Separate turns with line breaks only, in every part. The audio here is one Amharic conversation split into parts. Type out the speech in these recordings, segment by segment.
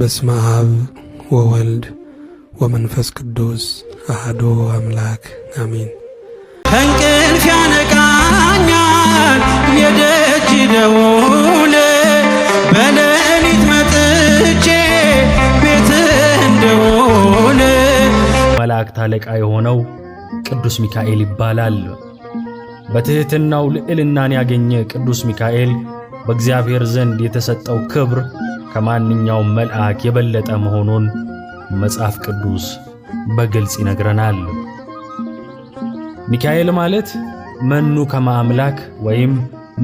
በስመ አብ ወወልድ ወመንፈስ ቅዱስ አህዶ አምላክ አሚን።
ከእንቅልፍ ያነቃኛል የደጅ ደውል በሌሊት መጥቼ ቤት እንደውል። መላእክት አለቃ የሆነው ቅዱስ ሚካኤል ይባላል። በትሕትናው ልዕልናን ያገኘ ቅዱስ ሚካኤል በእግዚአብሔር ዘንድ የተሰጠው ክብር ከማንኛውም መልአክ የበለጠ መሆኑን መጽሐፍ ቅዱስ በግልጽ ይነግረናል። ሚካኤል ማለት መኑ ከመ አምላክ ወይም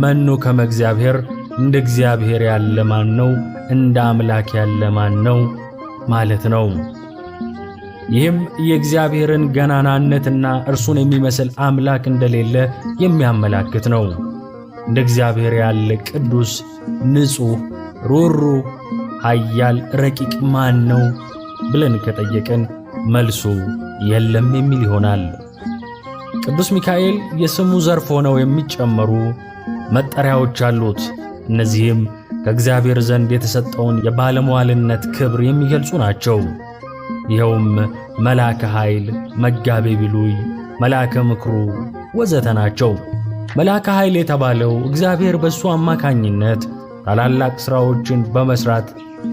መኑ ከመ እግዚአብሔር፣ እንደ እግዚአብሔር ያለ ማን ነው? እንደ አምላክ ያለ ማን ነው ማለት ነው። ይህም የእግዚአብሔርን ገናናነትና እርሱን የሚመስል አምላክ እንደሌለ የሚያመላክት ነው። እንደ እግዚአብሔር ያለ ቅዱስ፣ ንጹሕ፣ ሩሩ ኃያል ረቂቅ ማን ነው ብለን ከጠየቀን መልሱ የለም የሚል ይሆናል። ቅዱስ ሚካኤል የስሙ ዘርፍ ሆነው የሚጨመሩ መጠሪያዎች አሉት። እነዚህም ከእግዚአብሔር ዘንድ የተሰጠውን የባለመዋልነት ክብር የሚገልጹ ናቸው። ይኸውም መልአከ ኃይል፣ መጋቤ ብሉይ፣ መልአከ ምክሩ ወዘተ ናቸው። መልአከ ኃይል የተባለው እግዚአብሔር በእሱ አማካኝነት ታላላቅ ሥራዎችን በመሥራት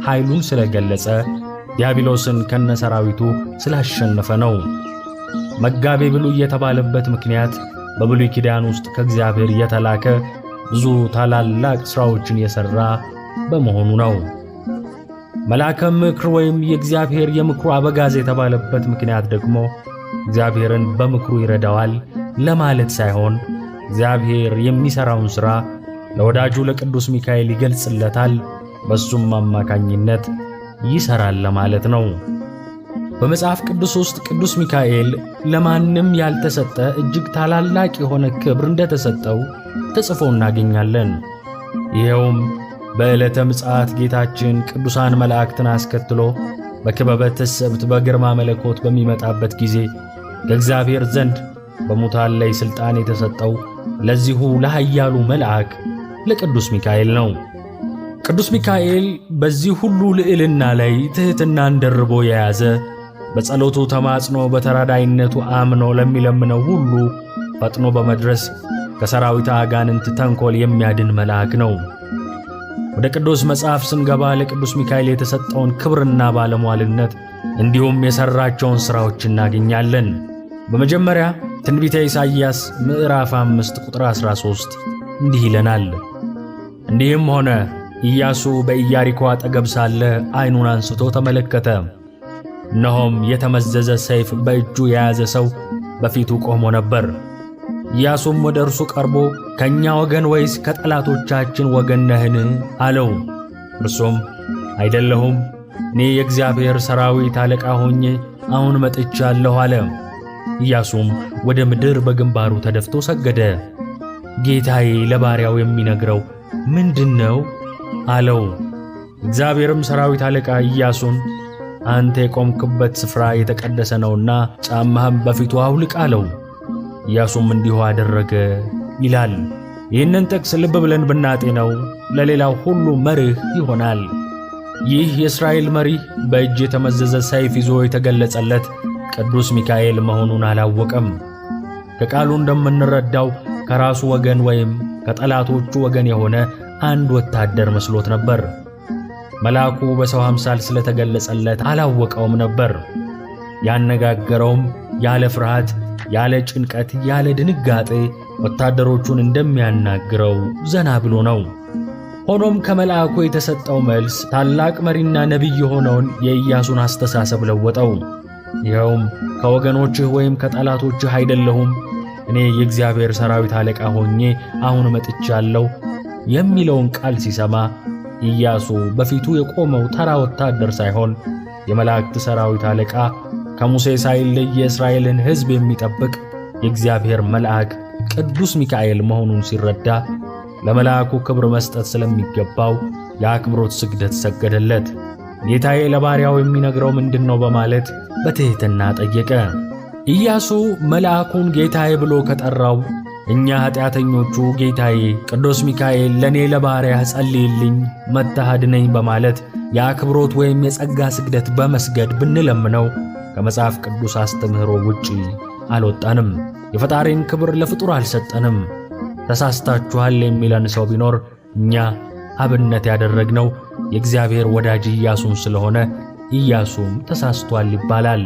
ኃይሉን ስለገለጸ ዲያብሎስን ከነሰራዊቱ ስላሸነፈ ነው። መጋቤ ብሉይ የተባለበት ምክንያት በብሉይ ኪዳን ውስጥ ከእግዚአብሔር የተላከ ብዙ ታላላቅ ሥራዎችን የሠራ በመሆኑ ነው። መልአከ ምክር ወይም የእግዚአብሔር የምክሩ አበጋዝ የተባለበት ምክንያት ደግሞ እግዚአብሔርን በምክሩ ይረዳዋል ለማለት ሳይሆን እግዚአብሔር የሚሠራውን ሥራ ለወዳጁ ለቅዱስ ሚካኤል ይገልጽለታል በሱም አማካኝነት ይሰራል ለማለት ነው። በመጽሐፍ ቅዱስ ውስጥ ቅዱስ ሚካኤል ለማንም ያልተሰጠ እጅግ ታላላቅ የሆነ ክብር እንደተሰጠው ተጽፎ እናገኛለን። ይኸውም በዕለተ ምጽአት ጌታችን ቅዱሳን መላእክትን አስከትሎ በክበበ ትስብእት በግርማ መለኮት በሚመጣበት ጊዜ ከእግዚአብሔር ዘንድ በሙታን ላይ ሥልጣን የተሰጠው ለዚሁ ለኃያሉ መልአክ ለቅዱስ ሚካኤል ነው። ቅዱስ ሚካኤል በዚህ ሁሉ ልዕልና ላይ ትሕትናን ደርቦ የያዘ በጸሎቱ ተማጽኖ በተራዳይነቱ አምኖ ለሚለምነው ሁሉ ፈጥኖ በመድረስ ከሰራዊት አጋንንት ተንኮል የሚያድን መልአክ ነው። ወደ ቅዱስ መጽሐፍ ስንገባ ለቅዱስ ሚካኤል የተሰጠውን ክብርና ባለሟልነት እንዲሁም የሠራቸውን ሥራዎች እናገኛለን። በመጀመሪያ ትንቢተ ኢሳይያስ ምዕራፍ 5 ቁጥር 13 እንዲህ ይለናል፣ እንዲህም ሆነ ኢያሱ በኢያሪኮ አጠገብ ሳለ አይኑን አንስቶ ተመለከተ። እነሆም የተመዘዘ ሰይፍ በእጁ የያዘ ሰው በፊቱ ቆሞ ነበር። ኢያሱም ወደ እርሱ ቀርቦ ከእኛ ወገን ወይስ ከጠላቶቻችን ወገን ነህን? አለው። እርሱም አይደለሁም፣ እኔ የእግዚአብሔር ሰራዊት አለቃ ሆኜ አሁን መጥቻለሁ አለ። ኢያሱም ወደ ምድር በግንባሩ ተደፍቶ ሰገደ። ጌታዬ ለባሪያው የሚነግረው ምንድን ነው? አለው። እግዚአብሔርም ሰራዊት አለቃ ኢያሱን አንተ የቆምክበት ስፍራ የተቀደሰ ነውና ጫማህም በፊቱ አውልቅ አለው። ኢያሱም እንዲሁ አደረገ ይላል። ይህንን ጥቅስ ልብ ብለን ብናጤነው ለሌላው ሁሉ መርህ ይሆናል። ይህ የእስራኤል መሪህ በእጅ የተመዘዘ ሰይፍ ይዞ የተገለጸለት ቅዱስ ሚካኤል መሆኑን አላወቀም። ከቃሉ እንደምንረዳው ከራሱ ወገን ወይም ከጠላቶቹ ወገን የሆነ አንድ ወታደር መስሎት ነበር። መልአኩ በሰው አምሳል ስለተገለጸለት አላወቀውም ነበር። ያነጋገረውም ያለ ፍርሃት፣ ያለ ጭንቀት፣ ያለ ድንጋጤ ወታደሮቹን እንደሚያናግረው ዘና ብሎ ነው። ሆኖም ከመልአኩ የተሰጠው መልስ ታላቅ መሪና ነቢይ የሆነውን የኢያሱን አስተሳሰብ ለወጠው። ይኸውም ከወገኖችህ ወይም ከጠላቶችህ አይደለሁም፣ እኔ የእግዚአብሔር ሰራዊት አለቃ ሆኜ አሁን መጥቻለሁ፣ የሚለውን ቃል ሲሰማ ኢያሱ በፊቱ የቆመው ተራ ወታደር ሳይሆን የመላእክት ሠራዊት አለቃ ከሙሴ ሳይለይ የእስራኤልን ሕዝብ የሚጠብቅ የእግዚአብሔር መልአክ ቅዱስ ሚካኤል መሆኑን ሲረዳ ለመልአኩ ክብር መስጠት ስለሚገባው የአክብሮት ስግደት ሰገደለት። ጌታዬ ለባሪያው የሚነግረው ምንድን ነው? በማለት በትሕትና ጠየቀ። ኢያሱ መልአኩን ጌታዬ ብሎ ከጠራው እኛ ኃጢአተኞቹ ጌታዬ ቅዱስ ሚካኤል ለእኔ ለባሪያህ ጸልይልኝ መጥተህ አድነኝ በማለት የአክብሮት ወይም የጸጋ ስግደት በመስገድ ብንለምነው ከመጽሐፍ ቅዱስ አስተምህሮ ውጪ አልወጣንም። የፈጣሪን ክብር ለፍጡር አልሰጠንም። ተሳስታችኋል የሚለን ሰው ቢኖር እኛ አብነት ያደረግነው የእግዚአብሔር ወዳጅ ኢያሱን ስለሆነ ኢያሱም ተሳስቷል ይባላል።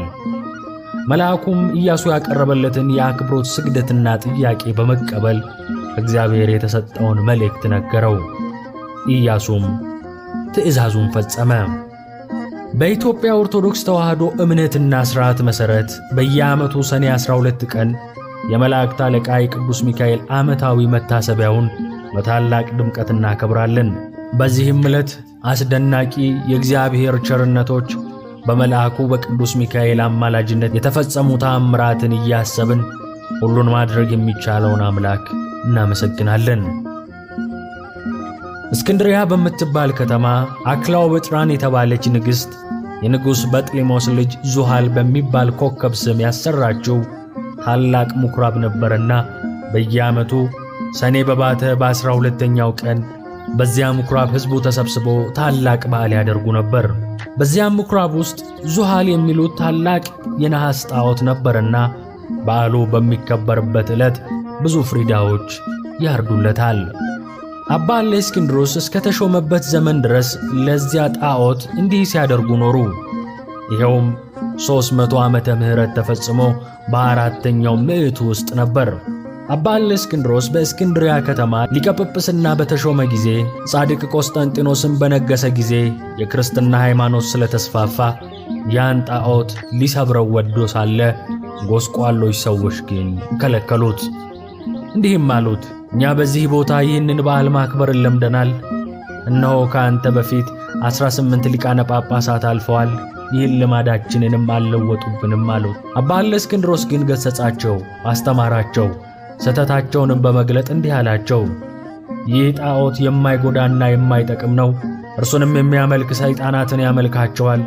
መልአኩም ኢያሱ ያቀረበለትን የአክብሮት ስግደትና ጥያቄ በመቀበል እግዚአብሔር የተሰጠውን መልእክት ነገረው። ኢያሱም ትእዛዙን ፈጸመ። በኢትዮጵያ ኦርቶዶክስ ተዋሕዶ እምነትና ሥርዓት መሠረት በየዓመቱ ሰኔ 12 ቀን የመላእክት አለቃ የቅዱስ ሚካኤል ዓመታዊ መታሰቢያውን በታላቅ ድምቀት እናከብራለን። በዚህም ዕለት አስደናቂ የእግዚአብሔር ቸርነቶች በመልአኩ በቅዱስ ሚካኤል አማላጅነት የተፈጸሙ ተአምራትን እያሰብን ሁሉን ማድረግ የሚቻለውን አምላክ እናመሰግናለን። እስክንድሪያ በምትባል ከተማ አክላው ብጥራን የተባለች ንግሥት የንጉሥ በጥሊሞስ ልጅ ዙሃል በሚባል ኮከብ ስም ያሰራችው ታላቅ ምኵራብ ነበረና በየዓመቱ ሰኔ በባተ በዐሥራ ሁለተኛው ቀን በዚያ ምኩራብ ሕዝቡ ተሰብስቦ ታላቅ በዓል ያደርጉ ነበር። በዚያም ምኩራብ ውስጥ ዙሃል የሚሉት ታላቅ የነሐስ ጣዖት ነበርና በዓሉ በሚከበርበት ዕለት ብዙ ፍሪዳዎች ያርዱለታል። አባ እሌእስክንድሮስ እስከ ተሾመበት ዘመን ድረስ ለዚያ ጣዖት እንዲህ ሲያደርጉ ኖሩ። ይኸውም ሦስት መቶ ዓመተ ምሕረት ተፈጽሞ በአራተኛው ምዕት ውስጥ ነበር። አባ እለእስክንድሮስ በእስክንድሪያ ከተማ ሊቀጵጵስና በተሾመ ጊዜ ጻድቅ ቆስጠንጢኖስን በነገሰ ጊዜ የክርስትና ሃይማኖት ስለተስፋፋ ያን ጣዖት ሊሰብረው ወዶ ሳለ ጎስቋሎች ሰዎች ግን ከለከሉት። እንዲህም አሉት፣ እኛ በዚህ ቦታ ይህንን በዓል ማክበር ለምደናል። እነሆ ከአንተ በፊት ዐሥራ ስምንት ሊቃነ ጳጳሳት አልፈዋል። ይህን ልማዳችንንም አልለወጡብንም አሉት። አባ እለእስክንድሮስ ግን ገሠጻቸው፣ አስተማራቸው። ስህተታቸውንም በመግለጥ እንዲህ አላቸው፣ ይህ ጣዖት የማይጎዳና የማይጠቅም ነው። እርሱንም የሚያመልክ ሰይጣናትን ያመልካቸዋል።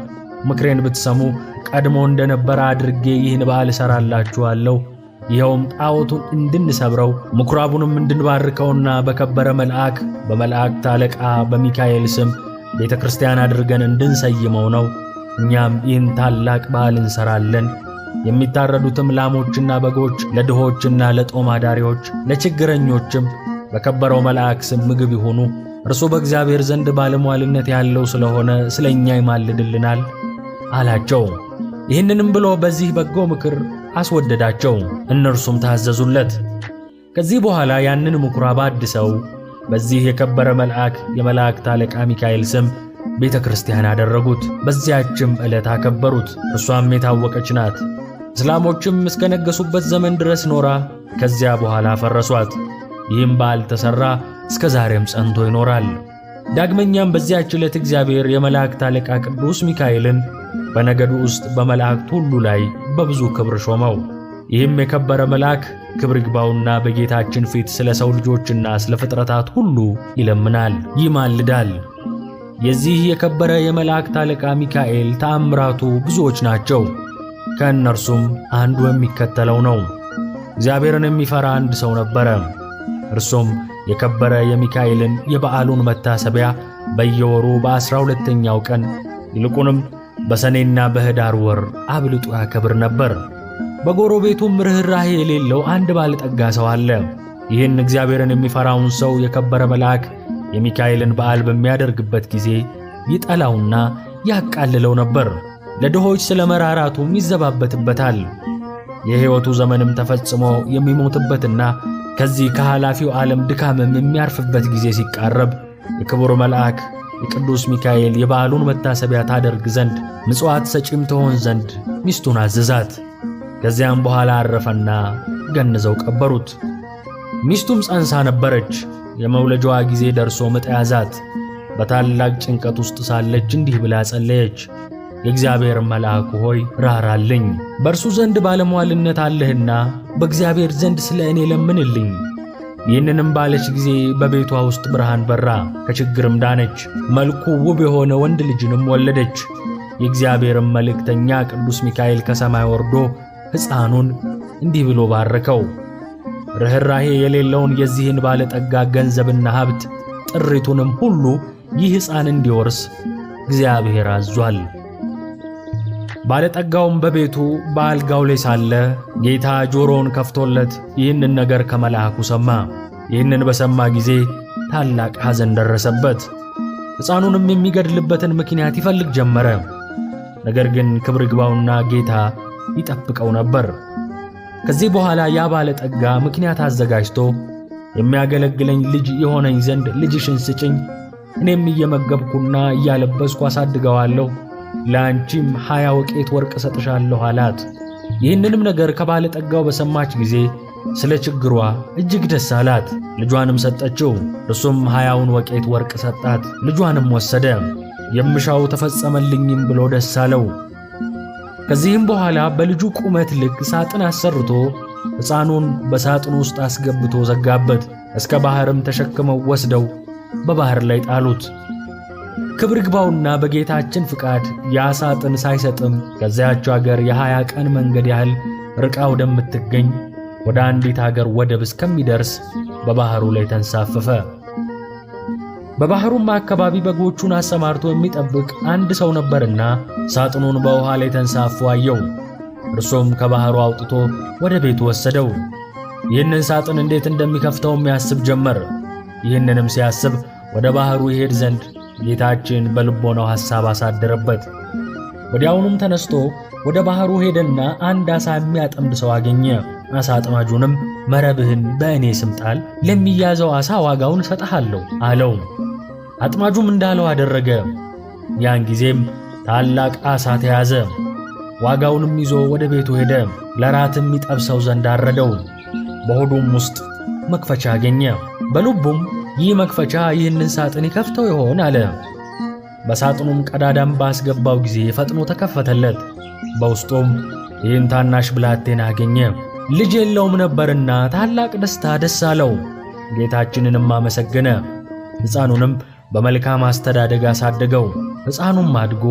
ምክሬን ብትሰሙ ቀድሞ እንደነበረ አድርጌ ይህን በዓል እሠራላችኋለሁ። ይኸውም ጣዖቱን እንድንሰብረው ምኵራቡንም እንድንባርከውና በከበረ መልአክ በመላእክት አለቃ በሚካኤል ስም ቤተ ክርስቲያን አድርገን እንድንሰይመው ነው። እኛም ይህን ታላቅ በዓል እንሠራለን። የሚታረዱትም ላሞችና በጎች ለድሆችና ለጦም አዳሪዎች ለችግረኞችም በከበረው መልአክ ስም ምግብ ይሆኑ። እርሱ በእግዚአብሔር ዘንድ ባለሟልነት ያለው ስለሆነ ስለ እኛ ይማልድልናል አላቸው። ይህንንም ብሎ በዚህ በጎ ምክር አስወደዳቸው፣ እነርሱም ታዘዙለት። ከዚህ በኋላ ያንን ምኵራብ አድሰው በዚህ የከበረ መልአክ የመላእክት አለቃ ሚካኤል ስም ቤተ ክርስቲያን አደረጉት። በዚያችም ዕለት አከበሩት። እርሷም የታወቀች ናት። እስላሞችም እስከነገሱበት ዘመን ድረስ ኖራ ከዚያ በኋላ ፈረሷት። ይህም በዓል ተሠራ፣ እስከ ዛሬም ጸንቶ ይኖራል። ዳግመኛም በዚያች ዕለት እግዚአብሔር የመላእክት አለቃ ቅዱስ ሚካኤልን በነገዱ ውስጥ በመላእክት ሁሉ ላይ በብዙ ክብር ሾመው። ይህም የከበረ መልአክ ክብር ይግባውና በጌታችን ፊት ስለ ሰው ልጆችና ስለ ፍጥረታት ሁሉ ይለምናል፣ ይማልዳል። የዚህ የከበረ የመላእክት አለቃ ሚካኤል ተአምራቱ ብዙዎች ናቸው። ከእነርሱም አንዱ የሚከተለው ነው። እግዚአብሔርን የሚፈራ አንድ ሰው ነበረ። እርሱም የከበረ የሚካኤልን የበዓሉን መታሰቢያ በየወሩ በዐሥራ ሁለተኛው ቀን ይልቁንም በሰኔና በኅዳር ወር አብልጦ ያከብር ነበር። በጎረቤቱም ርኅራኄ የሌለው አንድ ባለጠጋ ሰው አለ። ይህን እግዚአብሔርን የሚፈራውን ሰው የከበረ መልአክ የሚካኤልን በዓል በሚያደርግበት ጊዜ ይጠላውና ያቃልለው ነበር። ለድሆች ስለ መራራቱም ይዘባበትበታል። የሕይወቱ ዘመንም ተፈጽሞ የሚሞትበትና ከዚህ ከኃላፊው ዓለም ድካምም የሚያርፍበት ጊዜ ሲቃረብ የክቡር መልአክ የቅዱስ ሚካኤል የበዓሉን መታሰቢያ ታደርግ ዘንድ ምጽዋት ሰጪም ትሆን ዘንድ ሚስቱን አዘዛት። ከዚያም በኋላ አረፈና ገንዘው ቀበሩት። ሚስቱም ጸንሳ ነበረች። የመውለጃዋ ጊዜ ደርሶ ምጥ ያዛት። በታላቅ ጭንቀት ውስጥ ሳለች እንዲህ ብላ ጸለየች። የእግዚአብሔር መልአክ ሆይ ራራልኝ፣ በእርሱ ዘንድ ባለሟልነት አለህና በእግዚአብሔር ዘንድ ስለ እኔ ለምንልኝ። ይህንንም ባለች ጊዜ በቤቷ ውስጥ ብርሃን በራ፣ ከችግርም ዳነች። መልኩ ውብ የሆነ ወንድ ልጅንም ወለደች። የእግዚአብሔርም መልእክተኛ ቅዱስ ሚካኤል ከሰማይ ወርዶ ሕፃኑን እንዲህ ብሎ ባረከው። ርኅራሄ የሌለውን የዚህን ባለጠጋ ገንዘብና ሀብት ጥሪቱንም ሁሉ ይህ ሕፃን እንዲወርስ እግዚአብሔር አዟል። ባለጠጋውም በቤቱ በአልጋው ላይ ሳለ ጌታ ጆሮውን ከፍቶለት ይህንን ነገር ከመልአኩ ሰማ። ይህንን በሰማ ጊዜ ታላቅ ሐዘን ደረሰበት። ሕፃኑንም የሚገድልበትን ምክንያት ይፈልግ ጀመረ። ነገር ግን ክብር ግባውና ጌታ ይጠብቀው ነበር። ከዚህ በኋላ ያ ባለጠጋ ምክንያት አዘጋጅቶ የሚያገለግለኝ ልጅ የሆነኝ ዘንድ ልጅሽን ስጭኝ፣ እኔም እየመገብኩና እያለበስኩ አሳድገዋለሁ ለአንቺም ሀያ ወቄት ወርቅ እሰጥሻለሁ አላት። ይህንንም ነገር ከባለጠጋው በሰማች ጊዜ ስለ ችግሯ እጅግ ደስ አላት። ልጇንም ሰጠችው። እርሱም ሀያውን ወቄት ወርቅ ሰጣት። ልጇንም ወሰደ። የምሻው ተፈጸመልኝም ብሎ ደስ አለው። ከዚህም በኋላ በልጁ ቁመት ልክ ሳጥን አሰርቶ ሕፃኑን በሳጥኑ ውስጥ አስገብቶ ዘጋበት። እስከ ባሕርም ተሸክመው ወስደው በባሕር ላይ ጣሉት። ክብር ግባውና በጌታችን ፍቃድ ያሳጥን ሳይሰጥም ከዚያች አገር የሃያ ቀን መንገድ ያህል ርቃ ወደምትገኝ ወደ አንዲት አገር ወደብ እስከሚደርስ በባህሩ ላይ ተንሳፈፈ። በባህሩም አካባቢ በጎቹን አሰማርቶ የሚጠብቅ አንድ ሰው ነበርና ሳጥኑን በውሃ ላይ ተንሳፎ አየው። እርሱም ከባህሩ አውጥቶ ወደ ቤቱ ወሰደው። ይህንን ሳጥን እንዴት እንደሚከፍተው የሚያስብ ጀመር። ይህንንም ሲያስብ ወደ ባህሩ ይሄድ ዘንድ ጌታችን በልቦናው ሐሳብ አሳደረበት። ወዲያውኑም ተነስቶ ወደ ባህሩ ሄደና አንድ ዓሣ የሚያጠምድ ሰው አገኘ። ዓሣ አጥማጁንም መረብህን በእኔ ስም ጣል፣ ለሚያዘው ዓሣ ዋጋውን እሰጥሃለሁ አለው። አጥማጁም እንዳለው አደረገ። ያን ጊዜም ታላቅ ዓሣ ተያዘ። ዋጋውንም ይዞ ወደ ቤቱ ሄደ። ለራትም ይጠብሰው ዘንድ አረደው። በሆዱም ውስጥ መክፈቻ አገኘ። በልቡም ይህ መክፈቻ ይህንን ሳጥን ይከፍተው ይሆን አለ። በሳጥኑም ቀዳዳም ባስገባው ጊዜ ፈጥኖ ተከፈተለት። በውስጡም ይህን ታናሽ ብላቴና አገኘ። ልጅ የለውም ነበርና ታላቅ ደስታ ደስ አለው። ጌታችንንም አመሰገነ። ሕፃኑንም በመልካም አስተዳደግ አሳደገው። ሕፃኑም አድጎ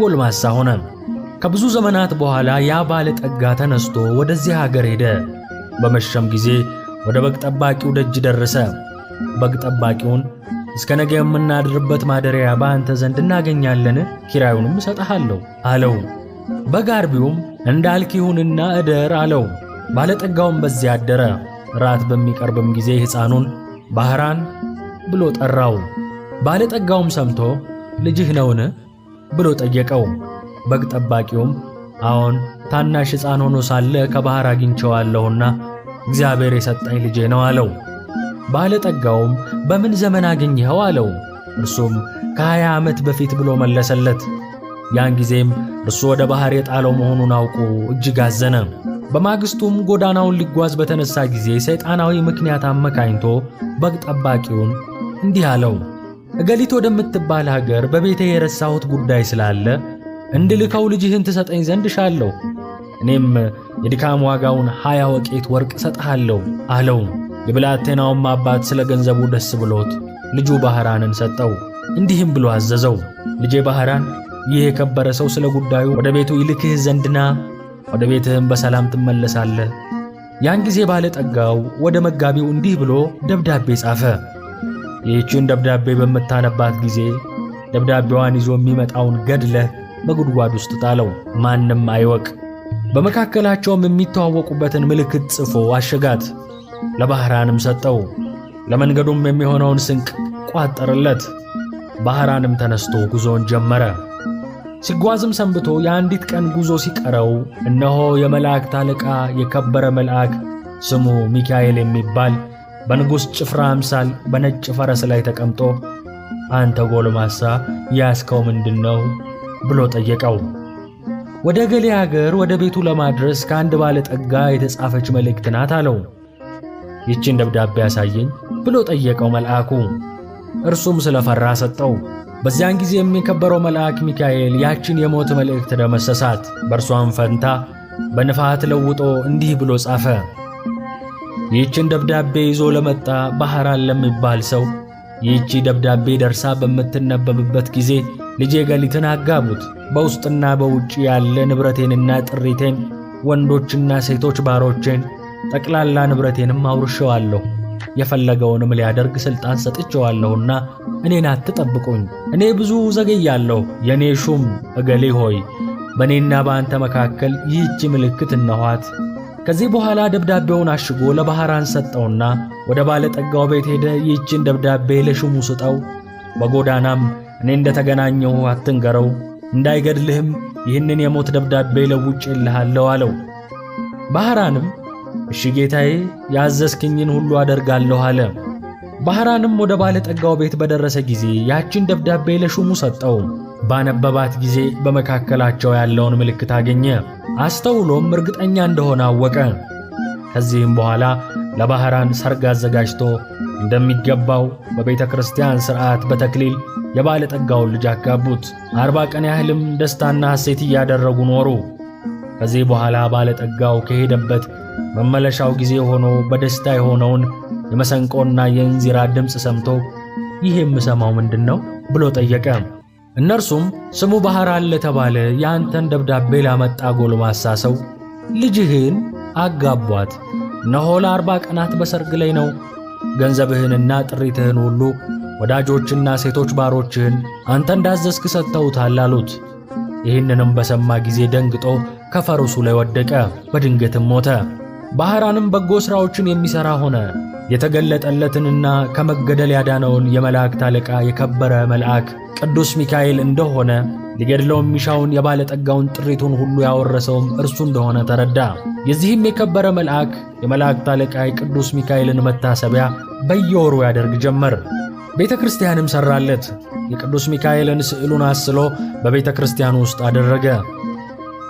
ጎልማሳ ሆነ። ከብዙ ዘመናት በኋላ ያ ባለ ጠጋ ተነስቶ ወደዚህ አገር ሄደ። በመሸም ጊዜ ወደ በግ ጠባቂው ደጅ ደረሰ። በግ ጠባቂውን እስከ ነገ የምናድርበት ማደሪያ በአንተ ዘንድ እናገኛለን፣ ኪራዩንም እሰጥሃለሁ አለው። በግ አርቢውም እንዳልክ ይሁንና እደር አለው። ባለጠጋውም በዚያ አደረ። ራት በሚቀርብም ጊዜ ሕፃኑን ባህራን ብሎ ጠራው። ባለጠጋውም ሰምቶ ልጅህ ነውን ብሎ ጠየቀው። በግ ጠባቂውም አዎን፣ ታናሽ ሕፃን ሆኖ ሳለ ከባህር አግኝቼዋለሁና እግዚአብሔር የሰጠኝ ልጄ ነው አለው። ባለጠጋውም በምን ዘመን አገኘኸው አለው። እርሱም ከሀያ ዓመት በፊት ብሎ መለሰለት። ያን ጊዜም እርሱ ወደ ባሕር የጣለው መሆኑን አውቆ እጅግ አዘነ። በማግስቱም ጎዳናውን ሊጓዝ በተነሳ ጊዜ ሰይጣናዊ ምክንያት አመካኝቶ በግ ጠባቂውን እንዲህ አለው፣ እገሊት ወደምትባል ሀገር በቤቴ የረሳሁት ጉዳይ ስላለ እንድልከው ልጅህን ትሰጠኝ ዘንድ እሻለሁ፣ እኔም የድካም ዋጋውን ሀያ ወቄት ወርቅ እሰጥሃለሁ አለው። የብላቴናውም አባት ስለ ገንዘቡ ደስ ብሎት ልጁ ባህራንን ሰጠው። እንዲህም ብሎ አዘዘው፣ ልጄ ባህራን ይህ የከበረ ሰው ስለ ጉዳዩ ወደ ቤቱ ይልክህ ዘንድና ወደ ቤትህም በሰላም ትመለሳለህ። ያን ጊዜ ባለጠጋው ወደ መጋቢው እንዲህ ብሎ ደብዳቤ ጻፈ። ይህችን ደብዳቤ በምታነባት ጊዜ ደብዳቤዋን ይዞ የሚመጣውን ገድለህ በጉድጓድ ውስጥ ጣለው፣ ማንም አይወቅ። በመካከላቸውም የሚተዋወቁበትን ምልክት ጽፎ አሸጋት። ለባህራንም ሰጠው። ለመንገዱም የሚሆነውን ስንቅ ቋጠረለት ባህራንም ተነስቶ ጉዞን ጀመረ። ሲጓዝም ሰንብቶ የአንዲት ቀን ጉዞ ሲቀረው እነሆ የመላእክት አለቃ የከበረ መልአክ ስሙ ሚካኤል የሚባል በንጉሥ ጭፍራ አምሳል በነጭ ፈረስ ላይ ተቀምጦ አንተ ጎልማሳ ያስከው ምንድን ነው ብሎ ጠየቀው። ወደ ገሌ አገር ወደ ቤቱ ለማድረስ ከአንድ ባለጠጋ የተጻፈች መልእክት ናት አለው። ይችን ደብዳቤ ያሳየኝ ብሎ ጠየቀው መልአኩ። እርሱም ስለፈራ ሰጠው። በዚያን ጊዜ የሚከበረው መልአክ ሚካኤል ያችን የሞት መልእክት ደመሰሳት። በእርሷን ፈንታ በንፋት ለውጦ እንዲህ ብሎ ጻፈ። ይህችን ደብዳቤ ይዞ ለመጣ ባህራን ለሚባል ሰው ይህቺ ደብዳቤ ደርሳ በምትነበብበት ጊዜ ልጄ ገሊትን አጋቡት። በውስጥና በውጭ ያለ ንብረቴንና ጥሪቴን፣ ወንዶችና ሴቶች ባሮቼን ጠቅላላ ንብረቴንም አውርሸዋለሁ የፈለገውንም ሊያደርግ ሥልጣን ሰጥቼዋለሁና እኔን አትጠብቁኝ። እኔ ብዙ ዘገያለሁ። የእኔ ሹም እገሌ ሆይ በእኔና በአንተ መካከል ይህች ምልክት እነኋት። ከዚህ በኋላ ደብዳቤውን አሽጎ ለባሕራን ሰጠውና ወደ ባለጠጋው ቤት ሄደ። ይህችን ደብዳቤ ለሹሙ ስጠው፣ በጎዳናም እኔ እንደ ተገናኘሁ አትንገረው፣ እንዳይገድልህም ይህንን የሞት ደብዳቤ ለውጭ ይልሃለሁ አለው። ባሕራንም እሺ ጌታዬ፣ ያዘዝክኝን ሁሉ አደርጋለሁ አለ። ባህራንም ወደ ባለጠጋው ቤት በደረሰ ጊዜ ያችን ደብዳቤ ለሹሙ ሰጠው። ባነበባት ጊዜ በመካከላቸው ያለውን ምልክት አገኘ። አስተውሎም እርግጠኛ እንደሆነ አወቀ። ከዚህም በኋላ ለባህራን ሰርግ አዘጋጅቶ እንደሚገባው በቤተ ክርስቲያን ሥርዓት በተክሊል የባለጠጋውን ልጅ አጋቡት። አርባ ቀን ያህልም ደስታና ሐሴት እያደረጉ ኖሩ። ከዚህ በኋላ ባለጠጋው ከሄደበት መመለሻው ጊዜ ሆኖ በደስታ የሆነውን የመሰንቆና የእንዚራ ድምፅ ሰምቶ ይህ የምሰማው ምንድን ነው ብሎ ጠየቀ። እነርሱም ስሙ ባህር አለ ተባለ የአንተን ደብዳቤ ላመጣ ጎልማሳ ሰው ልጅህን አጋቧት፣ እነሆ ለአርባ ቀናት በሰርግ ላይ ነው። ገንዘብህንና ጥሪትህን ሁሉ ወዳጆችና ሴቶች ባሮችህን አንተ እንዳዘዝክ ሰጥተውታል አሉት። ይህንንም በሰማ ጊዜ ደንግጦ ከፈርሱ ላይ ወደቀ፣ በድንገትም ሞተ። ባሕራንም በጎ ሥራዎችን የሚሠራ ሆነ። የተገለጠለትንና ከመገደል ያዳነውን የመላእክት አለቃ የከበረ መልአክ ቅዱስ ሚካኤል እንደሆነ ሊገድለው የሚሻውን የባለጠጋውን ጥሪቱን ሁሉ ያወረሰውም እርሱ እንደሆነ ተረዳ። የዚህም የከበረ መልአክ የመላእክት አለቃ የቅዱስ ሚካኤልን መታሰቢያ በየወሩ ያደርግ ጀመር። ቤተ ክርስቲያንም ሠራለት። የቅዱስ ሚካኤልን ስዕሉን አስሎ በቤተ ክርስቲያኑ ውስጥ አደረገ።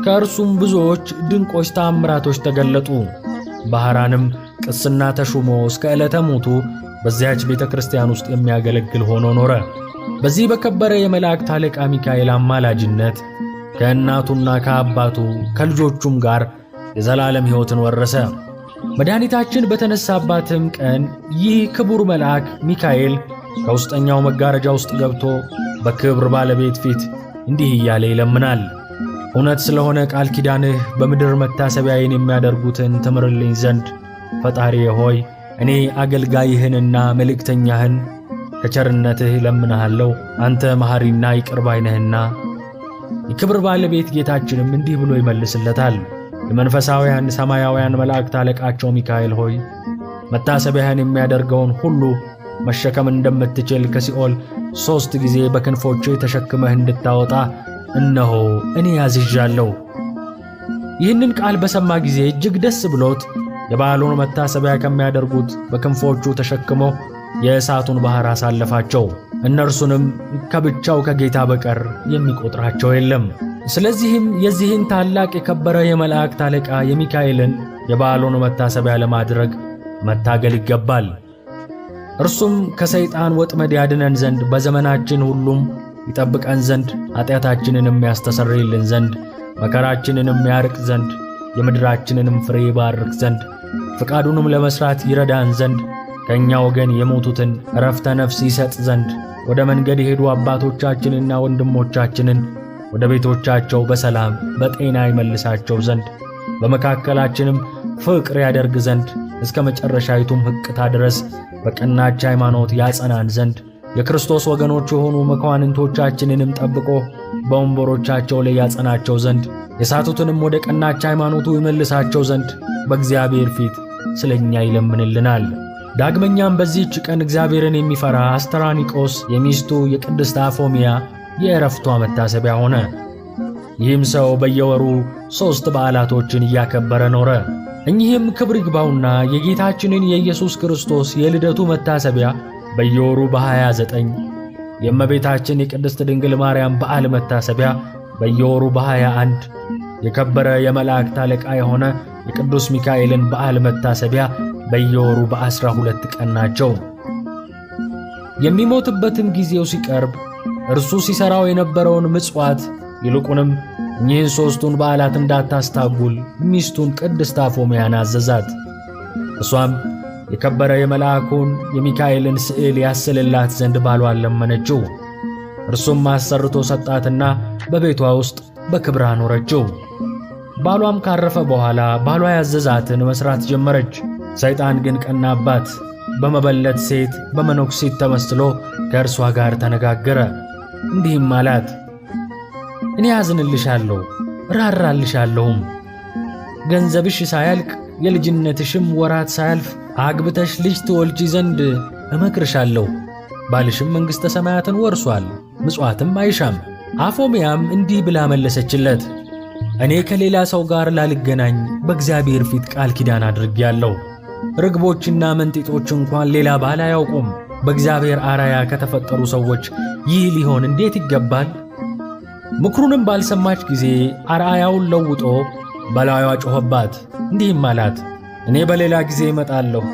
ከእርሱም ብዙዎች ድንቆች ተአምራቶች ተገለጡ። ባህራንም ቅስና ተሹሞ እስከ ዕለተ ሞቱ በዚያች ቤተ ክርስቲያን ውስጥ የሚያገለግል ሆኖ ኖረ። በዚህ በከበረ የመላእክት አለቃ ሚካኤል አማላጅነት ከእናቱና ከአባቱ ከልጆቹም ጋር የዘላለም ሕይወትን ወረሰ። መድኃኒታችን በተነሳባትም ቀን ይህ ክቡር መልአክ ሚካኤል ከውስጠኛው መጋረጃ ውስጥ ገብቶ በክብር ባለቤት ፊት እንዲህ እያለ ይለምናል እውነት ስለሆነ ቃል ኪዳንህ በምድር መታሰቢያዬን የሚያደርጉትን ትምርልኝ ዘንድ ፈጣሪ ሆይ እኔ አገልጋይህንና መልእክተኛህን ከቸርነትህ ለምናሃለው አንተ መሐሪና ይቅር ባይ ነህና። የክብር ባለቤት ጌታችንም እንዲህ ብሎ ይመልስለታል። የመንፈሳውያን ሰማያውያን መላእክት አለቃቸው ሚካኤል ሆይ መታሰቢያህን የሚያደርገውን ሁሉ መሸከም እንደምትችል ከሲኦል ሦስት ጊዜ በክንፎችህ ተሸክመህ እንድታወጣ እነሆ እኔ ያዝዣለሁ። ይህንን ቃል በሰማ ጊዜ እጅግ ደስ ብሎት የበዓሉን መታሰቢያ ከሚያደርጉት በክንፎቹ ተሸክሞ የእሳቱን ባሕር አሳለፋቸው። እነርሱንም ከብቻው ከጌታ በቀር የሚቆጥራቸው የለም። ስለዚህም የዚህን ታላቅ የከበረ የመላእክት አለቃ የሚካኤልን የበዓሉን መታሰቢያ ለማድረግ መታገል ይገባል። እርሱም ከሰይጣን ወጥመድ ያድነን ዘንድ በዘመናችን ሁሉም ይጠብቀን ዘንድ ኃጢአታችንን የሚያስተሰርይልን ዘንድ መከራችንን የሚያርቅ ዘንድ የምድራችንንም ፍሬ ይባርክ ዘንድ ፍቃዱንም ለመሥራት ይረዳን ዘንድ ከእኛ ወገን የሞቱትን ዕረፍተ ነፍስ ይሰጥ ዘንድ ወደ መንገድ የሄዱ አባቶቻችንና ወንድሞቻችንን ወደ ቤቶቻቸው በሰላም በጤና ይመልሳቸው ዘንድ በመካከላችንም ፍቅር ያደርግ ዘንድ እስከ መጨረሻዊቱም ሕቅታ ድረስ በቀናች ሃይማኖት ያጸናን ዘንድ የክርስቶስ ወገኖች የሆኑ መኳንንቶቻችንንም ጠብቆ በወንበሮቻቸው ላይ ያጸናቸው ዘንድ የሳቱትንም ወደ ቀናች ሃይማኖቱ ይመልሳቸው ዘንድ በእግዚአብሔር ፊት ስለ እኛ ይለምንልናል። ዳግመኛም በዚህች ቀን እግዚአብሔርን የሚፈራ አስተራኒቆስ የሚስቱ የቅድስት አፎሚያ የእረፍቷ መታሰቢያ ሆነ። ይህም ሰው በየወሩ ሦስት በዓላቶችን እያከበረ ኖረ። እኚህም ክብር ይግባውና የጌታችንን የኢየሱስ ክርስቶስ የልደቱ መታሰቢያ በየወሩ በ29 የእመቤታችን የቅድስት ድንግል ማርያም በዓል መታሰቢያ በየወሩ በ21 የከበረ የመላእክት አለቃ የሆነ የቅዱስ ሚካኤልን በዓል መታሰቢያ በየወሩ በዐሥራ ሁለት ቀን ናቸው። የሚሞትበትም ጊዜው ሲቀርብ እርሱ ሲሠራው የነበረውን ምጽዋት ይልቁንም እኚህን ሦስቱን በዓላት እንዳታስታጉል ሚስቱን ቅድስት አፎምያን አዘዛት። እሷም የከበረ የመልአኩን የሚካኤልን ስዕል ያስልላት ዘንድ ባሏን ለመነችው። እርሱም አሰርቶ ሰጣትና በቤቷ ውስጥ በክብር አኖረችው። ባሏም ካረፈ በኋላ ባሏ ያዘዛትን መሥራት ጀመረች። ሰይጣን ግን ቀናባት። በመበለት ሴት በመነኩሲት ተመስሎ ከእርሷ ጋር ተነጋገረ። እንዲህም አላት፣ እኔ አዝንልሻለሁ፣ ራራልሻለሁም ገንዘብሽ ሳያልቅ የልጅነትሽም ወራት ሳያልፍ አግብተሽ ልጅ ትወልጂ ዘንድ እመክርሻለሁ። ባልሽም መንግሥተ ሰማያትን ወርሷል፣ ምጽዋትም አይሻም። አፎምያም እንዲህ ብላ መለሰችለት፣ እኔ ከሌላ ሰው ጋር ላልገናኝ በእግዚአብሔር ፊት ቃል ኪዳን አድርጌያለሁ። ርግቦችና መንጢጦች እንኳን ሌላ ባል አያውቁም። በእግዚአብሔር አራያ ከተፈጠሩ ሰዎች ይህ ሊሆን እንዴት ይገባል? ምክሩንም ባልሰማች ጊዜ አርአያውን ለውጦ በላዩ ጮኸባት፣ እንዲህም አላት እኔ በሌላ ጊዜ እመጣለሁ።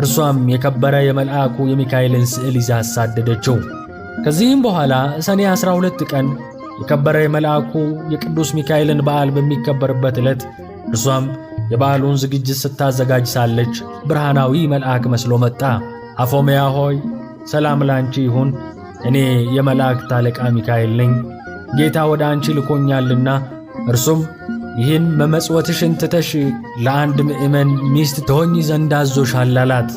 እርሷም የከበረ የመልአኩ የሚካኤልን ስዕል ይዛ አሳደደችው። ከዚህም በኋላ ሰኔ 12 ቀን የከበረ የመልአኩ የቅዱስ ሚካኤልን በዓል በሚከበርበት ዕለት እርሷም የበዓሉን ዝግጅት ስታዘጋጅ ሳለች ብርሃናዊ መልአክ መስሎ መጣ። አፎምያ ሆይ ሰላም ላንቺ ይሁን፣ እኔ የመላእክት አለቃ ሚካኤል ነኝ፣ ጌታ ወደ አንቺ ልኮኛልና እርሱም ይህን መመጽወትሽን ትተሽ ለአንድ ምእመን ሚስት ትሆኚ ዘንድ አዞሻል አላት።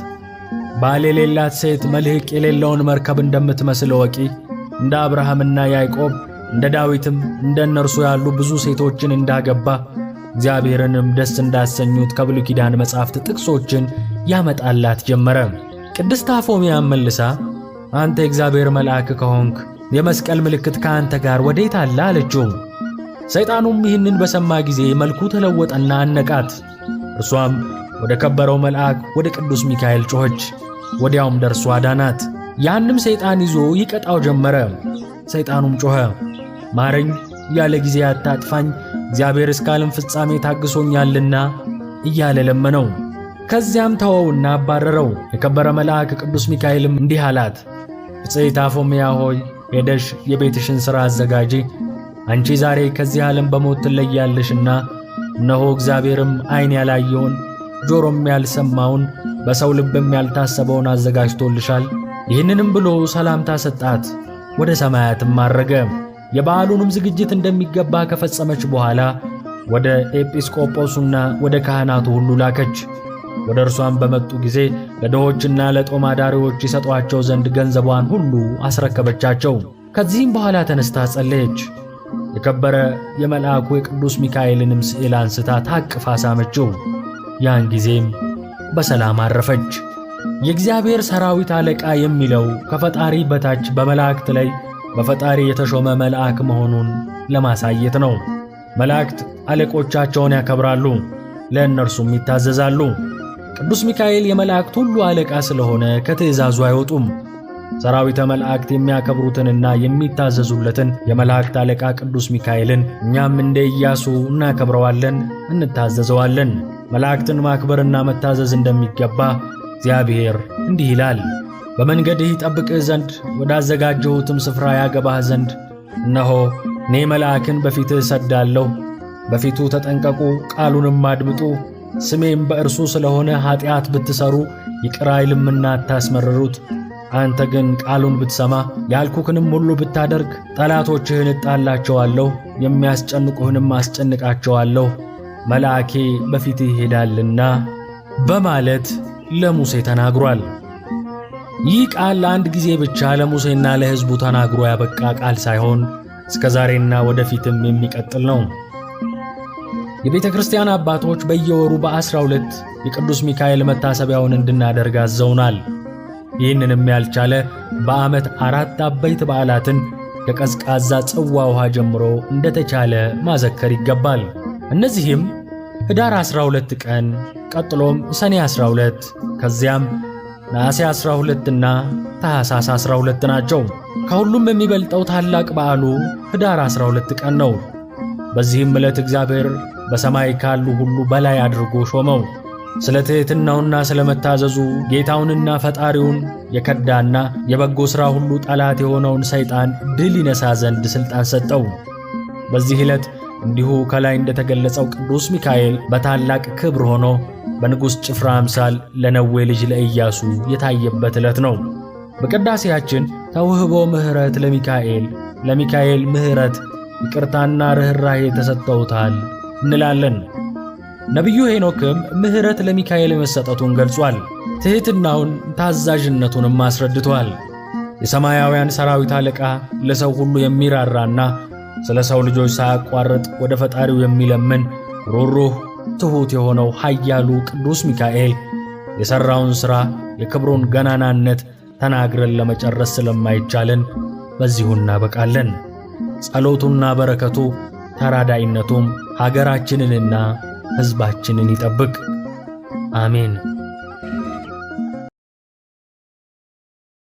ባል የሌላት ሴት መልሕቅ የሌለውን መርከብ እንደምትመስል ወቂ። እንደ አብርሃምና ያዕቆብ እንደ ዳዊትም እንደ እነርሱ ያሉ ብዙ ሴቶችን እንዳገባ እግዚአብሔርንም ደስ እንዳሰኙት ከብሉይ ኪዳን መጻሕፍት ጥቅሶችን ያመጣላት ጀመረ። ቅድስት አፎምያን መልሳ አንተ የእግዚአብሔር መልአክ ከሆንክ የመስቀል ምልክት ከአንተ ጋር ወዴት አለ አለችው። ሰይጣኑም ይህንን በሰማ ጊዜ መልኩ ተለወጠና አነቃት። እርሷም ወደ ከበረው መልአክ ወደ ቅዱስ ሚካኤል ጮኸች። ወዲያውም ደርሶ አዳናት። ያንም ሰይጣን ይዞ ይቀጣው ጀመረ። ሰይጣኑም ጮኸ፣ ማረኝ ያለ ጊዜ አታጥፋኝ፣ እግዚአብሔር እስከ ዓለም ፍጻሜ ታግሶኛልና እያለ ለመነው። ከዚያም ተወውና አባረረው። የከበረ መልአክ ቅዱስ ሚካኤልም እንዲህ አላት፣ ብፅዕት አፎምያ ሆይ ሄደሽ የቤትሽን ሥራ አዘጋጂ አንቺ ዛሬ ከዚህ ዓለም በሞት ትለያለሽና እነሆ እግዚአብሔርም ዐይን ያላየውን ጆሮም ያልሰማውን በሰው ልብም ያልታሰበውን አዘጋጅቶልሻል። ይህንንም ብሎ ሰላምታ ሰጣት። ወደ ሰማያትም አረገ። የበዓሉንም ዝግጅት እንደሚገባ ከፈጸመች በኋላ ወደ ኤጲስቆጶሱና ወደ ካህናቱ ሁሉ ላከች። ወደ እርሷም በመጡ ጊዜ ለድሆችና ለጦማ ዳሪዎች ይሰጧቸው ዘንድ ገንዘቧን ሁሉ አስረከበቻቸው። ከዚህም በኋላ ተነስታ ጸለየች። የከበረ የመልአኩ የቅዱስ ሚካኤልንም ስዕል አንስታ ታቅፋ ሳመችው። ያን ጊዜም በሰላም አረፈች። የእግዚአብሔር ሰራዊት አለቃ የሚለው ከፈጣሪ በታች በመላእክት ላይ በፈጣሪ የተሾመ መልአክ መሆኑን ለማሳየት ነው። መላእክት አለቆቻቸውን ያከብራሉ፣ ለእነርሱም ይታዘዛሉ። ቅዱስ ሚካኤል የመላእክት ሁሉ አለቃ ስለሆነ ከትእዛዙ አይወጡም። ሰራዊተ መላእክት የሚያከብሩትንና የሚታዘዙለትን የመላእክት አለቃ ቅዱስ ሚካኤልን እኛም እንደ ኢያሱ እናከብረዋለን፣ እንታዘዘዋለን። መላእክትን ማክበርና መታዘዝ እንደሚገባ እግዚአብሔር እንዲህ ይላል፣ በመንገድህ ይጠብቅህ ዘንድ ወዳዘጋጀሁትም ስፍራ ያገባህ ዘንድ እነሆ እኔ መልአክን በፊትህ እሰዳለሁ። በፊቱ ተጠንቀቁ፣ ቃሉንም አድምጡ። ስሜም በእርሱ ስለሆነ ኀጢአት ብትሠሩ ይቅር አይልምና አታስመርሩት። አንተ ግን ቃሉን ብትሰማ ያልኩህንም ሁሉ ብታደርግ ጠላቶችህን እጣላቸዋለሁ፣ የሚያስጨንቁህንም አስጨንቃቸዋለሁ፣ መልአኬ በፊትህ ይሄዳልና በማለት ለሙሴ ተናግሯል። ይህ ቃል ለአንድ ጊዜ ብቻ ለሙሴና ለሕዝቡ ተናግሮ ያበቃ ቃል ሳይሆን እስከ ዛሬና ወደፊትም የሚቀጥል ነው። የቤተ ክርስቲያን አባቶች በየወሩ በአስራ ሁለት የቅዱስ ሚካኤል መታሰቢያውን እንድናደርግ አዘውናል። ይህንንም ያልቻለ በዓመት አራት አበይት በዓላትን ከቀዝቃዛ ጽዋ ውሃ ጀምሮ እንደተቻለ ማዘከር ይገባል። እነዚህም ኅዳር 12 ቀን፣ ቀጥሎም ሰኔ 12፣ ከዚያም ነሐሴ 12 እና ታኅሳስ 12 ናቸው። ከሁሉም የሚበልጠው ታላቅ በዓሉ ኅዳር 12 ቀን ነው። በዚህም ዕለት እግዚአብሔር በሰማይ ካሉ ሁሉ በላይ አድርጎ ሾመው። ስለ ትሕትናውና ስለ መታዘዙ ጌታውንና ፈጣሪውን የከዳና የበጎ ሥራ ሁሉ ጠላት የሆነውን ሰይጣን ድል ይነሳ ዘንድ ሥልጣን ሰጠው። በዚህ ዕለት እንዲሁ ከላይ እንደተገለጸው ቅዱስ ሚካኤል በታላቅ ክብር ሆኖ በንጉሥ ጭፍራ አምሳል ለነዌ ልጅ ለኢያሱ የታየበት ዕለት ነው። በቅዳሴያችን ተውህቦ ምሕረት ለሚካኤል ለሚካኤል ምሕረት ይቅርታና ርኅራሄ ተሰጥተውታል እንላለን። ነቢዩ ሄኖክም ምሕረት ለሚካኤል መሰጠቱን ገልጿል። ትሕትናውን ታዛዥነቱንም አስረድቷል። የሰማያውያን ሰራዊት አለቃ ለሰው ሁሉ የሚራራና ስለ ሰው ልጆች ሳያቋርጥ ወደ ፈጣሪው የሚለምን ሩሩህ ትሑት የሆነው ኃያሉ ቅዱስ ሚካኤል የሠራውን ሥራ የክብሩን ገናናነት ተናግረን ለመጨረስ ስለማይቻልን በዚሁ እናበቃለን። ጸሎቱና በረከቱ ተራዳይነቱም ሀገራችንንና ሕዝባችንን ይጠብቅ። አሜን።